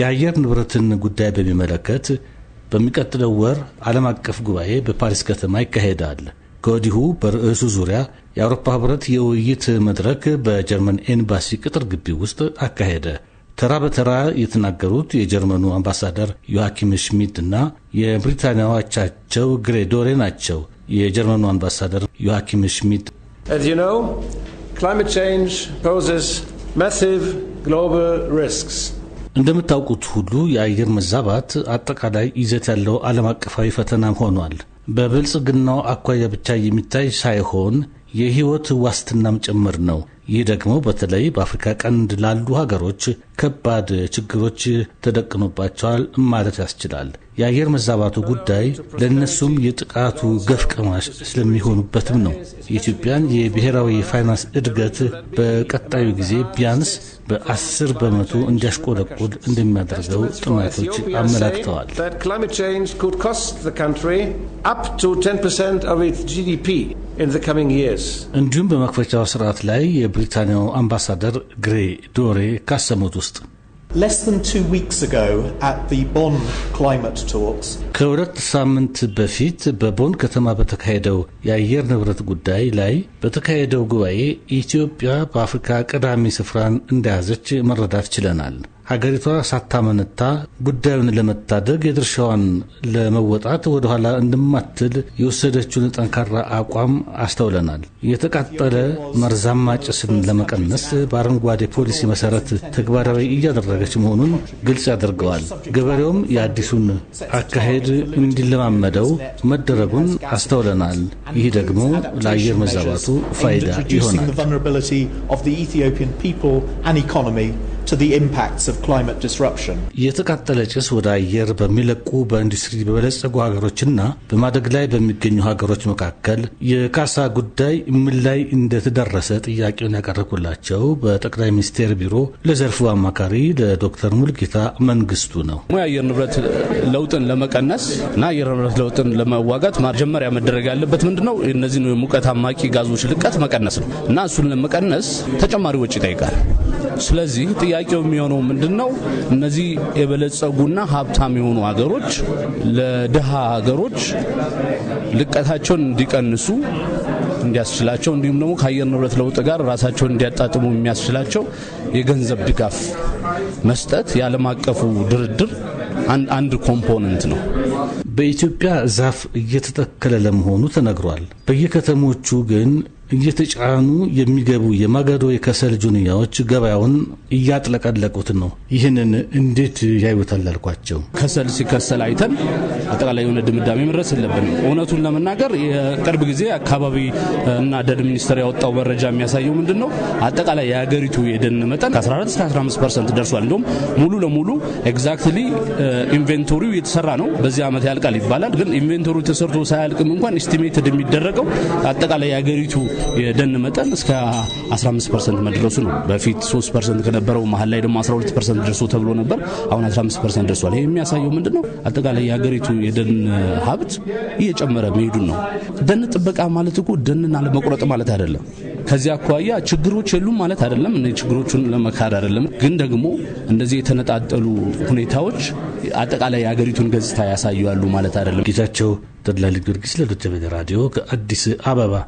የአየር ንብረትን ጉዳይ በሚመለከት በሚቀጥለው ወር ዓለም አቀፍ ጉባኤ በፓሪስ ከተማ ይካሄዳል። ከወዲሁ በርዕሱ ዙሪያ የአውሮፓ ህብረት የውይይት መድረክ በጀርመን ኤምባሲ ቅጥር ግቢ ውስጥ አካሄደ። ተራ በተራ የተናገሩት የጀርመኑ አምባሳደር ዮሐኪም ሽሚድ እና የብሪታንያው አቻቸው ግሬዶሬ ናቸው። የጀርመኑ አምባሳደር ዮሐኪም ሽሚድ ግሎባል ሪስክስ እንደምታውቁት ሁሉ የአየር መዛባት አጠቃላይ ይዘት ያለው ዓለም አቀፋዊ ፈተናም ሆኗል። በብልጽግናው አኳያ ብቻ የሚታይ ሳይሆን የሕይወት ዋስትናም ጭምር ነው። ይህ ደግሞ በተለይ በአፍሪካ ቀንድ ላሉ ሀገሮች ከባድ ችግሮች ተደቅኖባቸዋል ማለት ያስችላል። የአየር መዛባቱ ጉዳይ ለእነሱም የጥቃቱ ገፍቀማሽ ስለሚሆኑበትም ነው። የኢትዮጵያን የብሔራዊ ፋይናንስ እድገት በቀጣዩ ጊዜ ቢያንስ በአስር በመቶ እንዲያሽቆለቁል እንደሚያደርገው ጥናቶች አመላክተዋል። እንዲሁም በመክፈቻው ስርዓት ላይ የብሪታንያው አምባሳደር ግሬ ዶሬ ካሰሙት ከሁለት ሳምንት በፊት በቦን ከተማ በተካሄደው የአየር ንብረት ጉዳይ ላይ በተካሄደው ጉባኤ ኢትዮጵያ በአፍሪካ ቀዳሚ ስፍራን እንደያዘች መረዳት ችለናል። ሀገሪቷ ሳታመነታ ጉዳዩን ለመታደግ የድርሻዋን ለመወጣት ወደኋላ እንደማትል የወሰደችውን ጠንካራ አቋም አስተውለናል። የተቃጠለ መርዛማ ጭስን ለመቀነስ በአረንጓዴ ፖሊሲ መሰረት ተግባራዊ እያደረገች መሆኑን ግልጽ ያደርገዋል። ገበሬውም የአዲሱን አካሄድ እንዲለማመደው መደረጉን አስተውለናል። ይህ ደግሞ ለአየር መዛባቱ ፋይዳ ይሆናል። የተቃጠለ ጭስ ወደ አየር በሚለቁ በኢንዱስትሪ በበለጸጉ ሀገሮችና በማደግ ላይ በሚገኙ ሀገሮች መካከል የካሳ ጉዳይ ምን ላይ እንደተደረሰ ጥያቄውን ያቀረብኩላቸው በጠቅላይ ሚኒስቴር ቢሮ ለዘርፉ አማካሪ ለዶክተር ሙልጌታ መንግስቱ ነው። የአየር ንብረት ለውጥን ለመቀነስ እና የአየር ንብረት ለውጥን ለመዋጋት መጀመሪያ መደረግ ያለበት ምንድነው? እነዚህ ሙቀት አማቂ ጋዞች ልቀት መቀነስ ነው እና እሱን ለመቀነስ ተጨማሪ ወጪ ይጠይቃል። ስለዚህ ጥያቄው የሚሆነው ምንድን ነው? እነዚህ የበለጸጉና ሀብታም የሆኑ ሀገሮች ለድሃ ሀገሮች ልቀታቸውን እንዲቀንሱ እንዲያስችላቸው እንዲሁም ደግሞ ከአየር ንብረት ለውጥ ጋር ራሳቸውን እንዲያጣጥሙ የሚያስችላቸው የገንዘብ ድጋፍ መስጠት የዓለም አቀፉ ድርድር አንድ ኮምፖነንት ነው። በኢትዮጵያ ዛፍ እየተተከለ ለመሆኑ ተነግሯል። በየከተሞቹ ግን እየተጫኑ የሚገቡ የማገዶ የከሰል ጁንያዎች ገበያውን እያጥለቀለቁት ነው። ይህንን እንዴት ያዩታል አልኳቸው። ከሰል ሲከሰል አይተን አጠቃላይ የሆነ ድምዳሜ መድረስ የለብንም። እውነቱን ለመናገር የቅርብ ጊዜ አካባቢ እና ደን ሚኒስቴር ያወጣው መረጃ የሚያሳየው ምንድን ነው? አጠቃላይ የሀገሪቱ የደን መጠን ከ14 እስከ 15 ፐርሰንት ደርሷል። እንዲሁም ሙሉ ለሙሉ ኤግዛክትሊ ኢንቬንቶሪው የተሰራ ነው። በዚህ ዓመት ያልቃል ይባላል። ግን ኢንቬንቶሪው ተሰርቶ ሳያልቅም እንኳን ኢስቲሜትድ የሚደረገው አጠቃላይ የሀገሪቱ የደን መጠን እስከ 15 ፐርሰንት መድረሱ ነው። በፊት 3 ፐርሰንት ከነበረው መሀል ላይ ደግሞ 12 ፐርሰንት ደርሶ ተብሎ ነበር። አሁን 15 ፐርሰንት ደርሷል። ይህ የሚያሳየው ምንድን ነው? አጠቃላይ የሀገሪቱ የደን ሀብት እየጨመረ መሄዱን ነው። ደን ጥበቃ ማለት እኮ ደንን አለመቁረጥ ማለት አይደለም። ከዚህ አኳያ ችግሮች የሉም ማለት አይደለም። ችግሮቹን ለመካድ አይደለም። ግን ደግሞ እንደዚህ የተነጣጠሉ ሁኔታዎች አጠቃላይ የሀገሪቱን ገጽታ ያሳያሉ ማለት አይደለም። ጌታቸው ተድላ ጊዮርጊስ ለዶቸ ቬለ ራዲዮ ከአዲስ አበባ